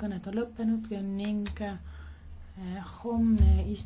kõned on lõppenud ning eh, homne istung